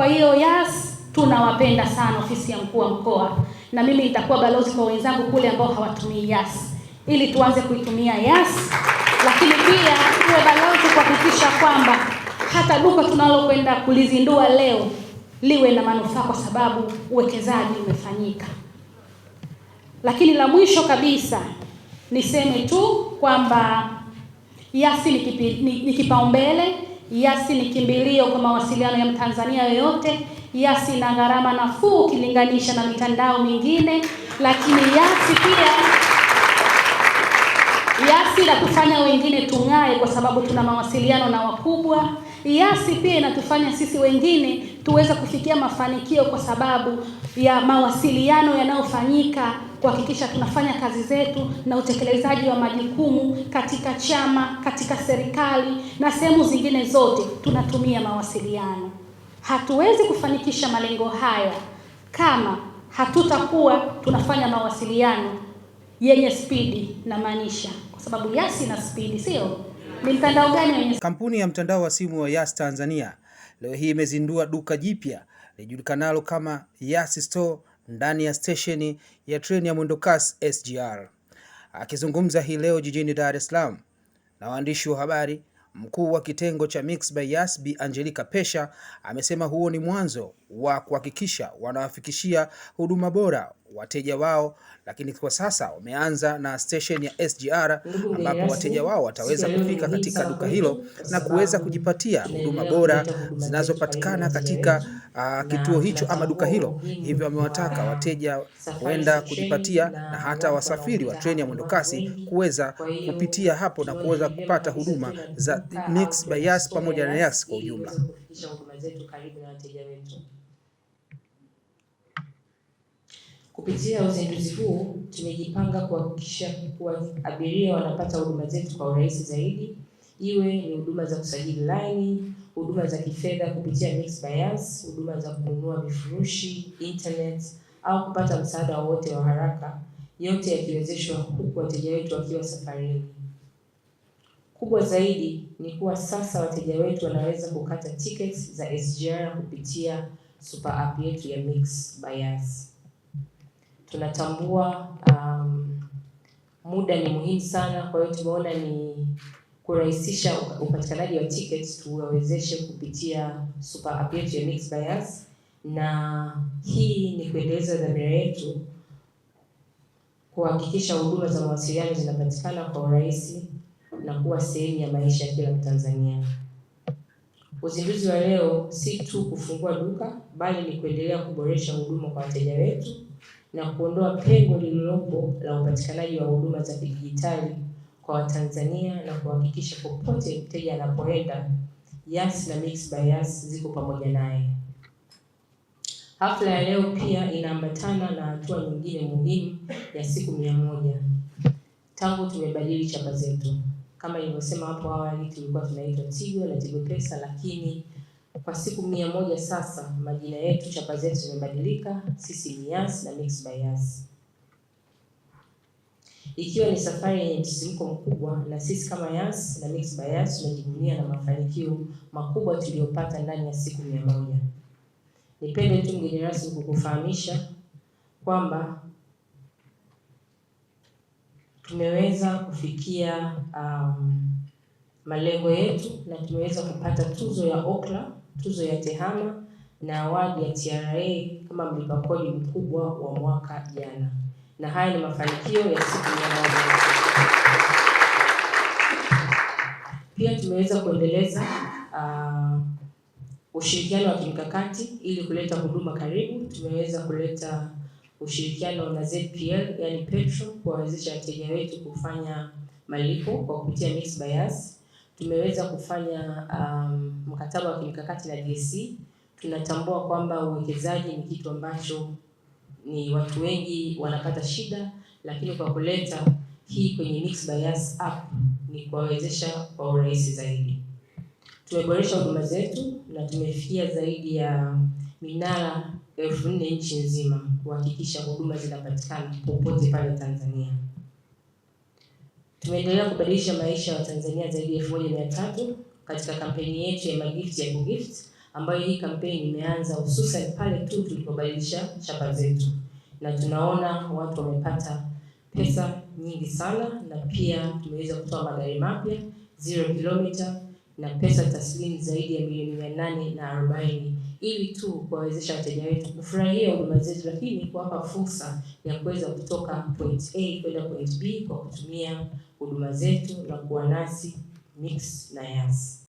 Kwa hiyo YAS tunawapenda sana ofisi ya mkuu wa mkoa, na mimi nitakuwa balozi kwa wenzangu kule ambao hawatumii YAS ili tuanze kuitumia YAS, lakini pia tuwe balozi kuhakikisha kwamba hata duka tunalokwenda kulizindua leo liwe na manufaa, kwa sababu uwekezaji umefanyika. Lakini la mwisho kabisa niseme tu kwamba yasi ni, ni kipaumbele Yasi ni kimbilio kwa mawasiliano ya Mtanzania yoyote. Yasi ina gharama nafuu ukilinganisha na mitandao mingine, lakini Yasi pia Yasi inatufanya wengine tung'ae kwa sababu tuna mawasiliano na wakubwa. Yasi pia inatufanya sisi wengine tuweze kufikia mafanikio kwa sababu ya mawasiliano yanayofanyika kuhakikisha tunafanya kazi zetu na utekelezaji wa majukumu katika chama, katika serikali na sehemu zingine zote tunatumia mawasiliano. Hatuwezi kufanikisha malengo haya kama hatutakuwa tunafanya mawasiliano yenye spidi na maanisha, kwa sababu Yas na spidi, sio? Ni mtandao gani wenye? Kampuni ya mtandao wa simu wa Yas Tanzania leo hii imezindua duka jipya lijulikanalo kama Yas Store ndani ya stesheni ya treni ya mwendokasi SGR. Akizungumza hii leo jijini Dar es Salaam na waandishi wa habari, mkuu wa kitengo cha Mixx by Yas Bi Angelica Pesha amesema huo ni mwanzo wa kuhakikisha wanawafikishia huduma bora wateja wao, lakini kwa sasa wameanza na station ya SGR ambapo wateja wao wataweza kufika katika duka hilo na kuweza kujipatia huduma bora zinazopatikana katika uh, kituo hicho ama duka hilo. Hivyo wamewataka wateja kuenda kujipatia na hata wasafiri wa treni ya mwendokasi kuweza kupitia hapo na kuweza kupata huduma za Nix by Yas pamoja na Yas kwa ujumla. Kupitia uzinduzi huu tumejipanga kuhakikisha kuwa abiria wanapata huduma zetu kwa urahisi zaidi, iwe ni huduma za kusajili laini, huduma za kifedha kupitia Mixx Buyers, huduma za kununua vifurushi, internet au kupata msaada wowote wa haraka, yote yakiwezeshwa huku wateja wetu wakiwa safarini. Kubwa zaidi ni kuwa sasa wateja wetu wanaweza kukata tickets za SGR kupitia super app yetu ya Mixx Buyers tunatambua um, muda ni muhimu sana. Kwa hiyo tumeona ni kurahisisha upatikanaji wa tickets, tuwawezeshe kupitia super app yetu ya Mixx by na hii ni kuendeleza dhamira yetu kuhakikisha huduma za mawasiliano zinapatikana kwa urahisi na kuwa sehemu ya maisha ya kila Mtanzania. Uzinduzi wa leo si tu kufungua duka, bali ni kuendelea kuboresha huduma kwa wateja wetu na kuondoa pengo lililopo la upatikanaji wa huduma za kidijitali kwa Watanzania na kuhakikisha popote mteja anapoenda Yas na Mix by Yas ziko pamoja naye. Hafla ya leo pia inaambatana na hatua nyingine muhimu ya siku mia moja tangu tumebadili chapa zetu. Kama ilivyosema hapo awali, tulikuwa tunaitwa Tigo na Tigo Pesa, lakini kwa siku mia moja sasa, majina yetu, chapa zetu zimebadilika, sisi ni Yas na Mix by Yas, ikiwa ni safari yenye msisimko mkubwa, na sisi kama Yas na Mix by Yas tunajivunia na mafanikio makubwa tuliyopata ndani ya siku mia moja. Nipende tu mgeni rasmi kukufahamisha kwamba tumeweza kufikia um, malengo yetu na tumeweza kupata tuzo ya Ockla tuzo ya TEHAMA na awadi ya TRA kama mlipa kodi mkubwa wa mwaka jana, na haya ni mafanikio ya siku ya moja. Pia tumeweza kuendeleza uh, ushirikiano wa kimkakati ili kuleta huduma karibu. Tumeweza kuleta ushirikiano na ZPL, yani Petro, kuwawezesha wateja wetu kufanya malipo kwa kupitia Mixx bias tumeweza kufanya um, mkataba wa kimkakati na DC. Tunatambua kwamba uwekezaji ni kitu ambacho ni watu wengi wanapata shida, lakini kwa kuleta hii kwenye mix Bias app ni kuwawezesha kwa urahisi zaidi. Tumeboresha huduma zetu na tumefikia zaidi ya minara elfu nne nchi nzima kuhakikisha huduma zinapatikana popote pale Tanzania. Tumeendelea kubadilisha maisha ya Watanzania zaidi ya elfu moja mia tatu katika kampeni yetu ya Magift ya Kugift, ambayo hii kampeni imeanza hususan pale tu tulipobadilisha chapa zetu, na tunaona watu wamepata pesa nyingi sana, na pia tumeweza kutoa magari mapya zero kilomita na pesa taslimu zaidi ya milioni mia nane na arobaini ili tu kuwawezesha wateja wetu kufurahia huduma zetu, lakini kuwapa fursa ya kuweza kutoka point A kwenda point B kwa kutumia huduma zetu na kuwa nasi mix na Yas.